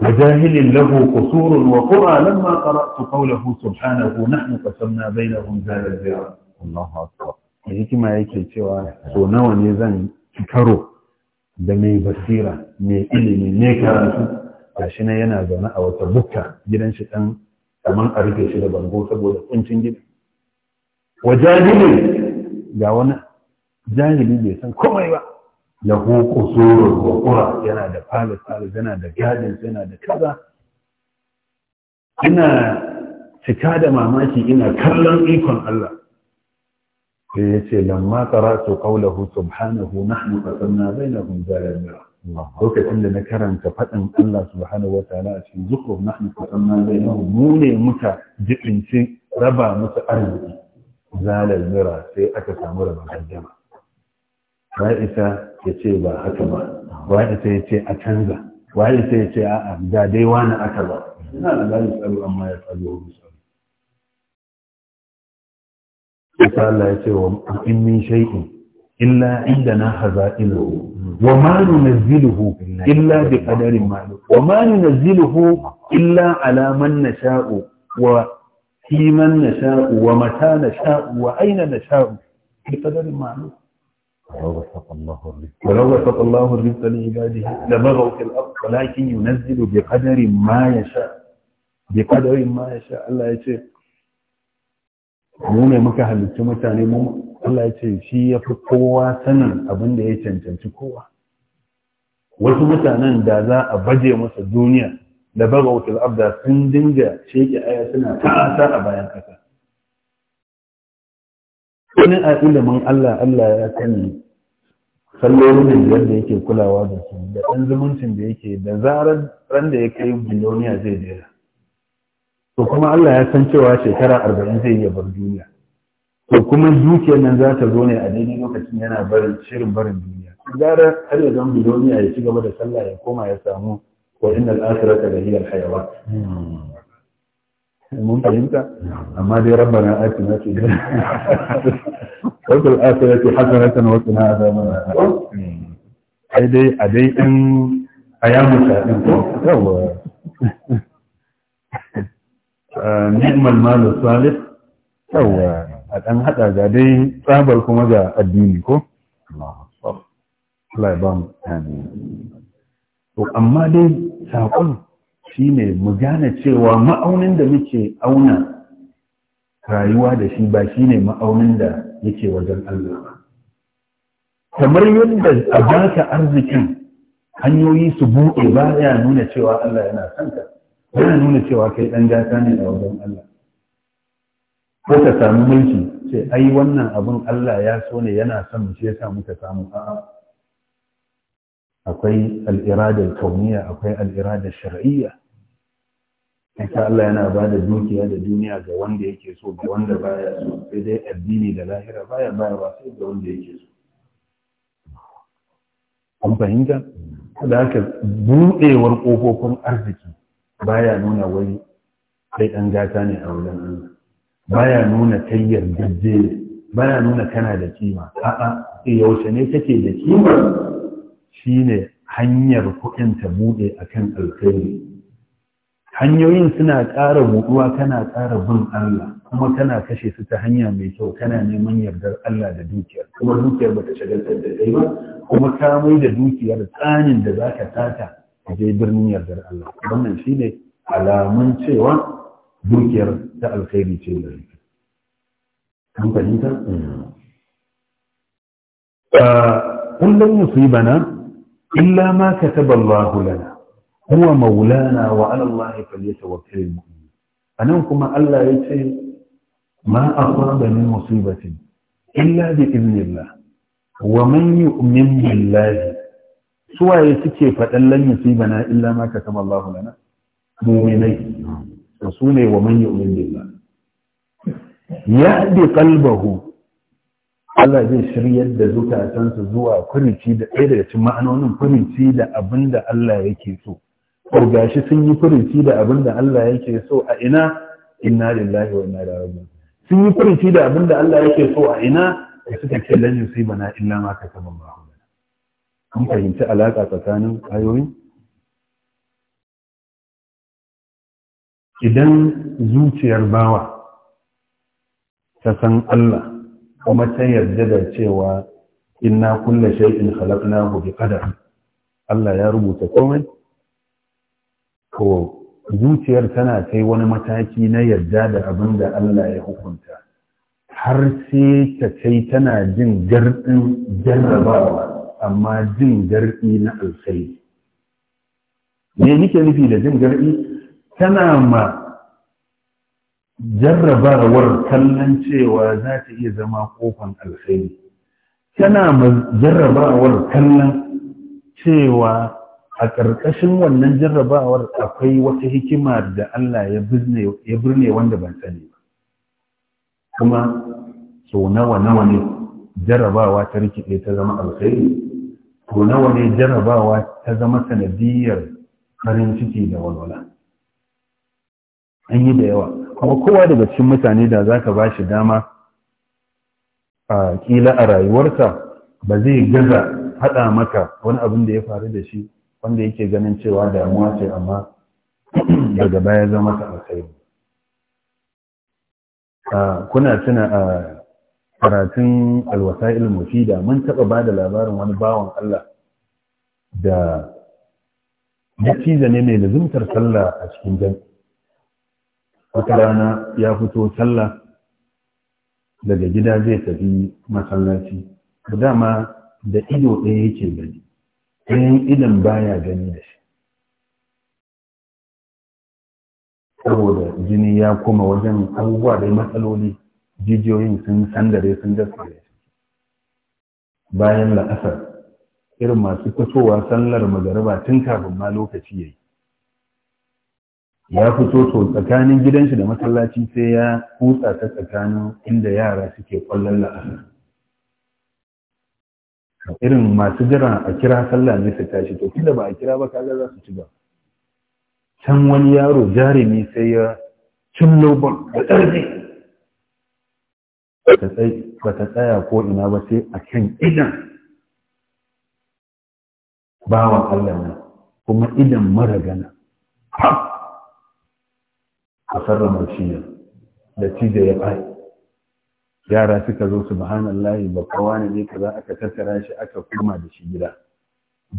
وجاهل له قصور وقرى لما قرأت قوله سبحانه نحن قسمنا بينهم دار الزرع الله أكبر hikima yake cewa so nawa ne zan ci karo da mai basira mai ilimi ne karatu gashi nan yana zaune a wata bukka gidan shi dan kaman a rufe shi da bango saboda kuncin gida wa jahili ga wani jahili bai san komai ba ya qusurun tsoron yana da palace palace yana da garden yana da kaza ina cika da mamaki ina kallon ikon Allah sai ya ce lamma qara'tu qawlahu subhanahu nahnu qasamna bainahum zaral mira lokacin da na karanta faɗin Allah subhanahu wa ta'ala a cikin zukur nahnu qasamna bainahum Mune ne muka jibinci raba musu arziki zalal mira sai aka samu rabon aljama wa'isa ya ce ba haka ba wa'isa ya ce a canza wa'isa ya ce a'a da dai wani aka ba ina da zalin tsaro amma ya tsaro sai Allah ya ce wa in min shay'in illa indana haza'iluhu wa ma nunziluhu illa bi qadarin ma'lum wa ma nunziluhu illa ala man nasha'u wa fi man nasha'u wa mata nasha'u wa aina nasha'u bi qadarin ma'lum ولو بسط الله الرزق ولو بسط الله الرزق لعباده لبغوا في الارض ولكن ينزل بقدر ما يشاء بقدر ما يشاء الله يشاء mu ne muka mutane mu Allah ya ce shi ya fi kowa sanin abin da ya cancanci kowa wasu mutanen da za a baje masa duniya da baga wutar abda sun dinga sheke aya suna ta'asa a bayan kasa wani a ilimin Allah Allah ya sani sallolin da yadda yake kulawa da su da ɗan zumuncin da yake da zarar ran da ya kai biloniya zai jera to kuma Allah ya san cewa shekara arba'in zai iya bar duniya to kuma dukiyar nan za ta zo ne a daidai lokacin yana barin shirin barin duniya gara har ya zama duniya ya ci gaba da sallah ya koma ya samu wa innal akhirata la hiya al-hayawan hmm. mun fahimta amma dai rabbana atina fi dunya wa fil akhirati hasanatan wa qina adhaban ai dai a dai din ayamu ta din ko yawa [LAUGHS] ni'mal malu salih yawa a ɗan haɗa ga dai tsabar kuma ga addini ko Allah ya ba to amma dai saƙon shine mu gane cewa ma'aunin da muke auna rayuwa da shi ba shi ne ma'aunin da yake wajen Allah ba kamar yadda a baka arzikin hanyoyi su buɗe ba ya nuna cewa Allah yana son ka yana nuna cewa kai ɗan gata ne a wajen Allah ko ka samu mulki ce ai wannan abun Allah ya so ne yana son mu ya sa muka samu a'a akwai al'irada kauniya akwai al'irada shar'iyya Isa Allah yana ba da dukiya da duniya ga wanda yake so ga wanda baya so sai dai addini da lahira baya baya ba sai ga wanda yake so an fahimta da haka buɗewar ƙofofin arziki baya nuna wai kai ɗan gata ne a wurin Allah baya nuna kai yardajje ne baya nuna kana da kima a'a eh, yaushe ne kake da kima shine hanyar kuɗin ta buɗe akan alkhairi hanyoyin suna ƙara buɗuwa kana ƙara bin Allah kuma kana kashe su ta hanya mai kyau kana neman yardar Allah da dukiyar kuma dukiyar bata shagaltar da kai ba kuma ka mai da dukiyar tsanin da zaka tata a je birnin yardar Allah wannan shine alamun cewa dukiyar ta alkhairi ce da rike an fahimta kullum eh, musibana illa ma kataba Allah lana huwa maulana wa ala Allah falyatawakkalul A nan kuma Allah ya ce ma asaba min musibatin illa bi idnillah wa man yu'min billahi suwaye suke faɗan lan na illa ma katama Allahu lana mu'minai da su ne wa man yu'min billah yahdi qalbahu Allah zai shiryar da su zuwa furinci da ɗaya daga cikin ma'anonin furinci da abin da Allah yake so ko gashi sun yi furinci da abin da Allah yake so a ina inna lillahi wa inna ilaihi raji'un sun yi furinci da abin da Allah yake so a ina da suka ce lan na illa ma katama Allahu an fahimci alaƙa tsakanin ayoyin idan zuciyar bawa ta san Allah kuma ta yarda da cewa inna kulla shay'in khalaqnahu bi qadar Allah ya rubuta komai Ko zuciyar tana kai wani mataki na yarda da abin da Allah ya hukunta har sai ta kai tana jin gardin jarrabawa amma jin garɗi na alkhairi me nike nufi da jin garɗi tana ma jarrabawar kallon cewa za ta iya zama ƙofan alkhairi tana ma jarrabawar kallon cewa a ƙarƙashin wannan jarrabawar akwai wata hikima da Allah ya birne wanda ban sani ba kuma so nawa nawa ne jarrabawa ta rikide ta zama alkhairi ko nawa ne jarabawa ta zama sanadiyar farin ciki da walwala an yi da yawa kuma kowa daga cikin mutane da za ka ba shi dama a kila a rayuwarsa ba zai gaza haɗa maka wani abin da ya faru da shi wanda yake ganin cewa damuwa ce amma [CLEARS THROAT] daga baya zama ta alkhairi kuna tuna a karatun alwasa'il mufida mun taɓa ba da labarin wani bawan Allah da dattijo ne mai lazumtar sallah a cikin jan wata rana ya fito sallah daga gida zai tafi masallaci dama da ido ɗaya yake gani ɗayan idon baya gani da shi saboda jini ya koma wajen abubuwa da matsaloli jijiyoyin sun sandare sun daskare bayan la'asar irin masu fitowa sallar magariba tun kafin ma lokaci ya yi. ya fito to tsakanin gidan shi da masallaci sai ya kutsa ta tsakanin inda yara suke kwallon la'asar irin masu jira a kira sallah ne su tashi to tunda ba a kira ba kaga za su ci ba can wani yaro jarumi sai ya cin lobon da ƙarfi ba ta tsaya ko ina ba sai a kan idan bawan Allah ne kuma idan mara gana a sarrafa ne da cije ya fai yara suka zo su ba kowa ne ne kaza aka tattara shi aka kuma da shi gida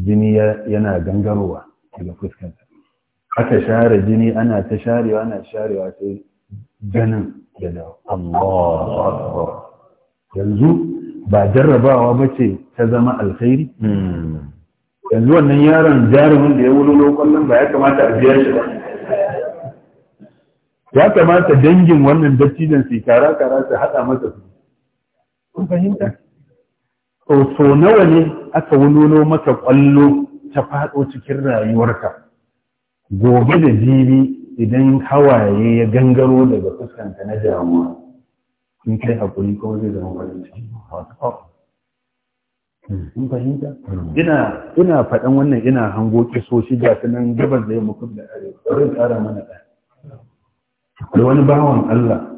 jini yana gangarowa daga fuskansa aka share jini ana ta sharewa ana sharewa sai ganin daga Allah yanzu ba jarrabawa ba ce ta zama alkhairi hmm. yanzu wannan yaron jarumin da ya wulolo kwallon ba ya kamata a biyar shi ba ya kamata dangin wannan dattijan su kara kara su haɗa masa su kun fahimta so nawa ne aka wulolo maka kwallo ta faɗo cikin rayuwarka gobe da jibi idan hawaye ya gangaro daga fuskanta na damuwa in kai haƙuri kuma zai zama farin ciki in fahimta ina ina faɗan wannan ina hango shi ga su nan gabas da yamma da arewa zai tsara mana ɗaya da wani bawan Allah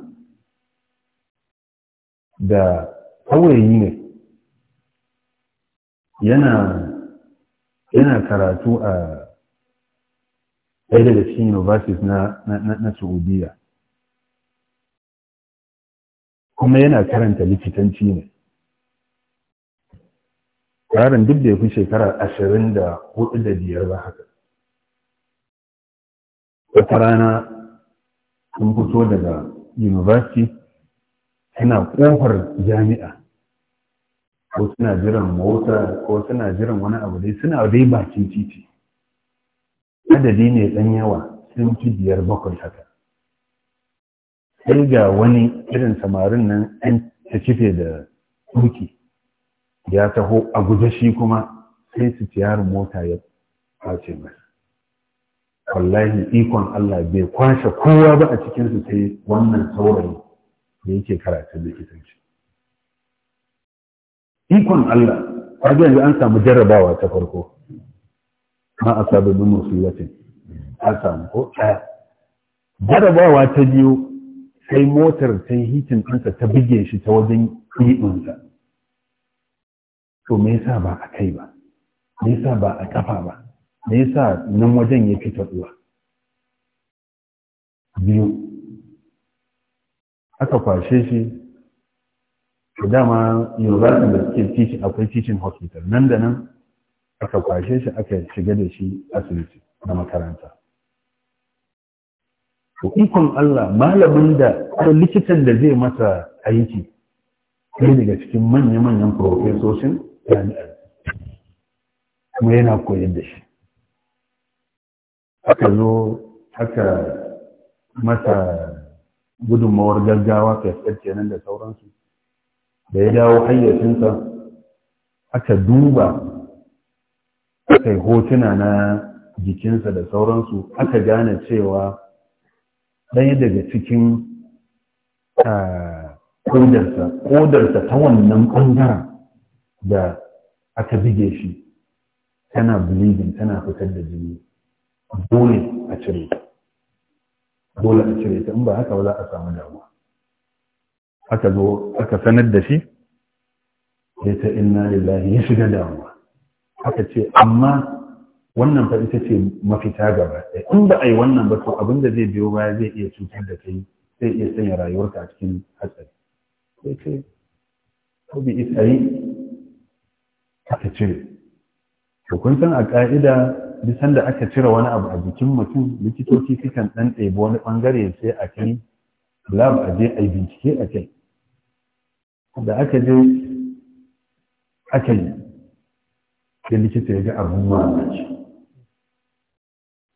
da yi ne yana yana karatu a ɗaya daga cikin universities na saudiya kuma yana karanta likitanci ne yaron duk da ya fi shekara ashirin da hudu da biyar ba haka wata rana sun fito daga university suna ƙofar jami'a ko suna jiran mota ko suna jiran wani abu dai suna dai bakin titi adadi ne ɗan yawa sun fi biyar bakwai haka sai ga wani irin samarin nan an ta cife da tuki ya taho a guje shi kuma sai su tiyarin mota ya kwace masa wallahi ikon Allah bai kwashe kowa ba a cikinsu sai wannan saurayi da yake karatun likitanci ikon Allah yanzu an samu jarrabawa ta farko ma a sababin musulatin ta samu ko ɗaya jarabawa ta biyu sai motar ta yi hitin ɗinsa ta bige shi ta wajen ɗinsa to me yasa ba a kai ba me yasa ba a kafa ba me yasa nan wajen ya fi taɗuwa biyu aka kwashe shi da dama university da suke titi akwai titin hospital nan da nan aka kwashe shi aka shiga da shi asibiti na makaranta to ikon Allah malamin da ko likitan da zai masa aiki sai daga cikin manya-manyan profesoshin jami'ar kuma yana koyar da shi aka zo aka masa gudunmawar gaggawa fesar nan da sauransu da ya dawo hayyacinsa aka duba aka yi hotuna na jikinsa da sauransu aka gane cewa ɗaya daga cikin kodarsa kodarsa ta wannan ɓangaren da aka bige shi tana bleeding tana fitar da jini dole a cire dole a cire ta in ba haka ba za a samu damuwa aka zo aka sanar da shi ya ta inna lillahi ya shiga damuwa aka ce amma wannan fa ita ce mafita gaba in ba a yi wannan ba to abin da zai biyo baya zai iya cutar da kai zai iya sanya rayuwarka a cikin hatsari sai ce ko bi yi aka cire to kun san a ka'ida bisan da aka cire wani abu a jikin mutum likitoci sukan dan ɗebi wani bangare sai a kai lab a je a yi bincike a kai da aka je aka yi sai likita ya ga abun mamaci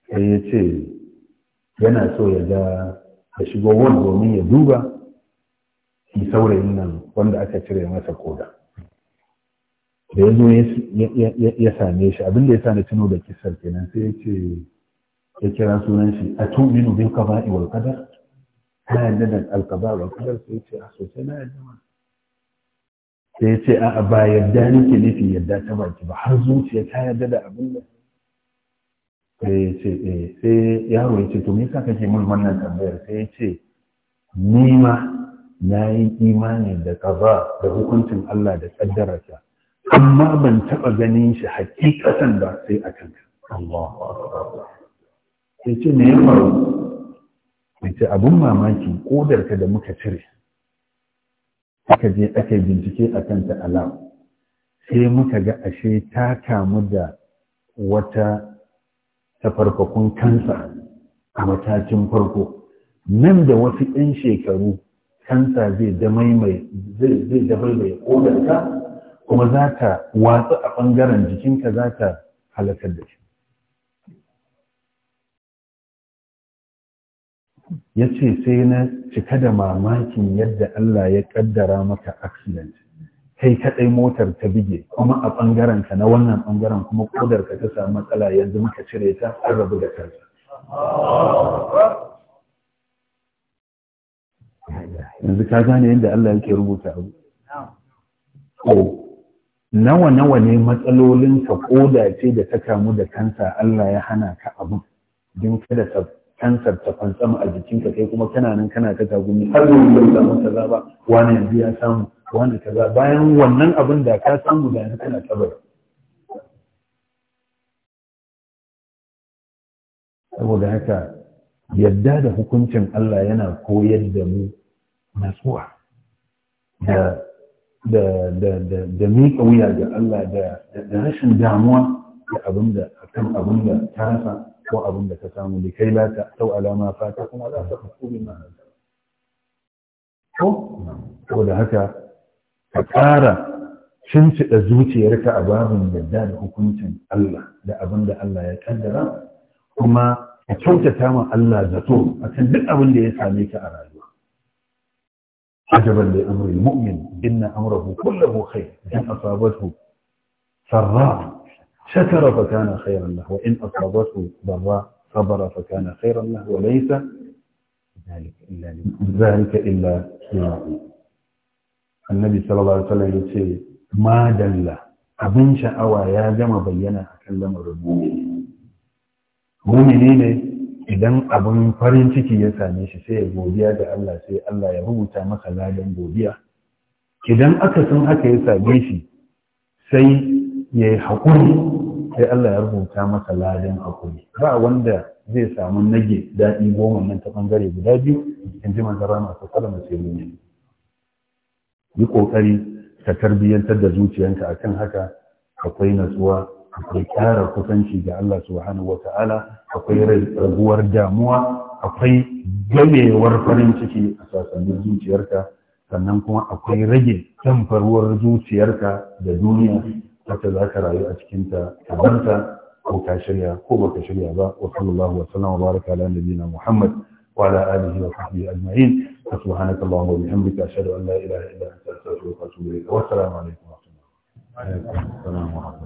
sai ya ce yana so ya ga ya shigo wani domin ya duba shi saurayin nan wanda aka cire masa koda da ya zo ya same shi abinda ya sa na tuno da kisar kenan sai ya ce ya kira sunan shi a tuminu bin kaba'i wal kadar na yadda da alkaba wal kadar sai ya ce a ah, sosai na yadda sai ce a ba yadda nake nufi yadda ta baki ba har zuciya ta yadda da abin da sai ce eh, sai yaro ya ce to me yasa kake mun wannan tambayar sai ya ce ni ma na yi imani da kaza da hukuncin Allah da kaddararsa amma ban taba ganin shi hakikatan ba sai a kanka Allahu akbar sai ce ne ya faru sai ce abun mamaki kodarka da muka cire aka je aka yi bincike a kanta alam sai muka ga ashe ta kamu da wata tafarfakun kansa a matakin farko nan da wasu 'yan shekaru kansa zai mai kodarka kuma za ta watsa a ɓangaren jikinka za ta halakar da shi ya ce sai na cika da mamakin yadda Allah ya kaddara maka accident kai kaɗai motar ta bige kuma a ɓangaren ka na wannan ɓangaren kuma kodar ka ta samu matsala yanzu muka cire ta an rabu da kansa yanzu ka gane yadda Allah yake rubuta abu ko nawa nawa ne matsalolinka koda ce da ta kamu da kansa Allah ya hana ka abu don kada ka kansar ta fantsama a jikinka kai kuma kana nan kana ta tagumi har yanzu bai samu kaza ba wani yanzu ya samu wani kaza bayan wannan abin da ka samu da yanzu kana tabar saboda haka yadda da hukuncin Allah yana koyar da mu natsuwa da da da da da miƙa wuya ga Allah da rashin damuwa da abin da akan abin da ta rasa ko abin da ka samu da kai la ta alama fata kuma za ta fasu bi ma ko ko da haka ka ƙara shimfiɗa zuciyarka a babin yadda da hukuncin Allah da abin da Allah ya kaddara kuma ka kyautata ma Allah zato akan duk abin da ya same ka a rayuwa ajaban da amri mu'min inna amrahu kullahu khair in asabathu sarra شكر فكان خيرا له وإن أصابته ضراء صبر فكان خيرا له وليس ذلك إلا ذلك إلا لله النبي صلى الله عليه وسلم يقول ما دل أبن شأوى يا جمع بينا أكلم الربوب مؤمنين idan abin farin ciki ya same shi sai ya godiya ga Allah sai Allah ya rubuta masa ladan godiya idan ya yi haƙuri sai Allah ya rubuta masa ladan haƙuri ba wanda zai samu nage daɗi goma nan ta ɓangare guda biyu in ji manzan rana ta salama sai yi ƙoƙari ka tarbiyyantar da zuciyanka akan haka akwai natsuwa akwai ƙara kusanci ga Allah subhanahu Ta'ala, akwai raguwar damuwa akwai gamewar farin ciki a sassanin zuciyarka sannan kuma akwai rage tamfarwar zuciyarka da duniya wacce za ka rayu a cikinta ka banta ko ka shirya ko baka shirya ba wa sallallahu wa sallam wa baraka ala nabiyina muhammad wa ala alihi wa sahbihi ajma'in subhanaka allahumma wa bihamdika ashhadu an la ilaha illa anta astaghfiruka wa atubu ilayk wa assalamu alaikum wa rahmatullahi wa barakatuh